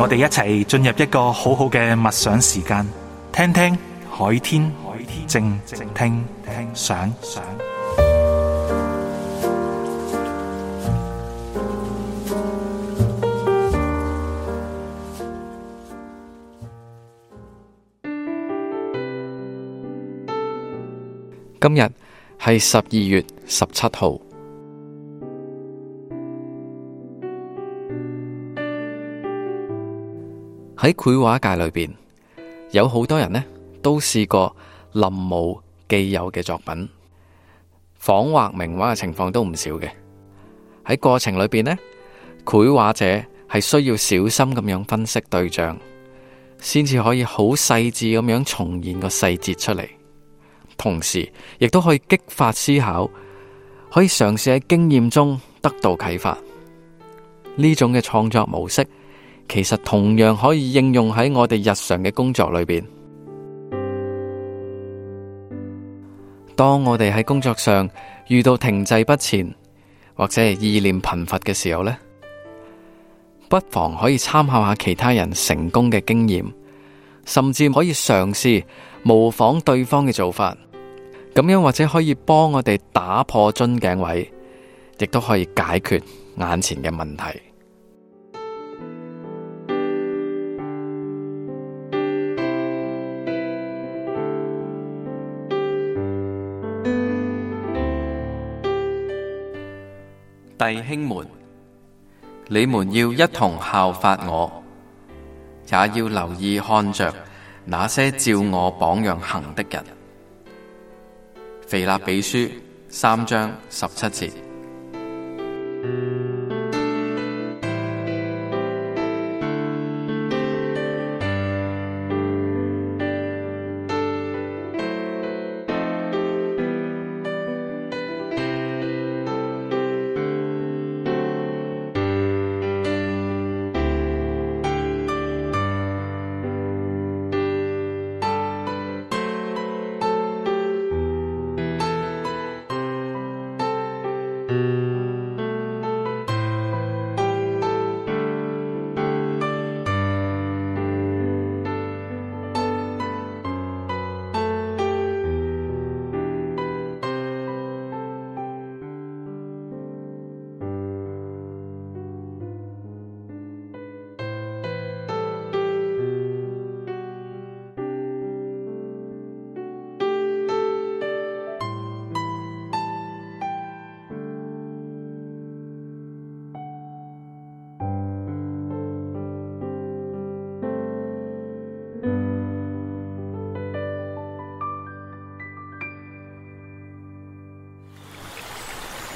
我哋一齊進入一個好好嘅默想時間，聽聽海天靜靜聽想。今日係十二月十七號。喺繪畫界裏邊，有好多人呢都試過臨摹既有嘅作品，仿畫名畫嘅情況都唔少嘅。喺過程裏邊呢，繪畫者係需要小心咁樣分析對象，先至可以好細緻咁樣重現個細節出嚟，同時亦都可以激發思考，可以嘗試喺經驗中得到啟發。呢種嘅創作模式。其實同樣可以應用喺我哋日常嘅工作裏邊。當我哋喺工作上遇到停滯不前，或者意念貧乏嘅時候呢，不妨可以參考下其他人成功嘅經驗，甚至可以嘗試模仿對方嘅做法。咁樣或者可以幫我哋打破樽頸位，亦都可以解決眼前嘅問題。弟兄們，你們要一同效法我，也要留意看着那些照我榜樣行的人。腓立比書三章十七節。嗯。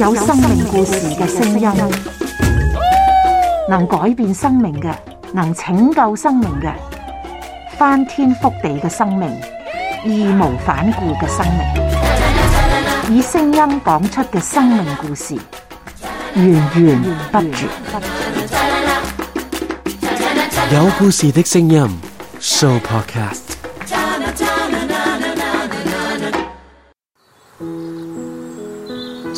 有生命故事嘅聲音，能改變生命嘅，能拯救生命嘅，翻天覆地嘅生命，義無反顧嘅生命，以聲音講出嘅生命故事，源源不絕。有故事嘅聲音，Sooo Podcast。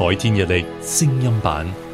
海天日曆聲音版。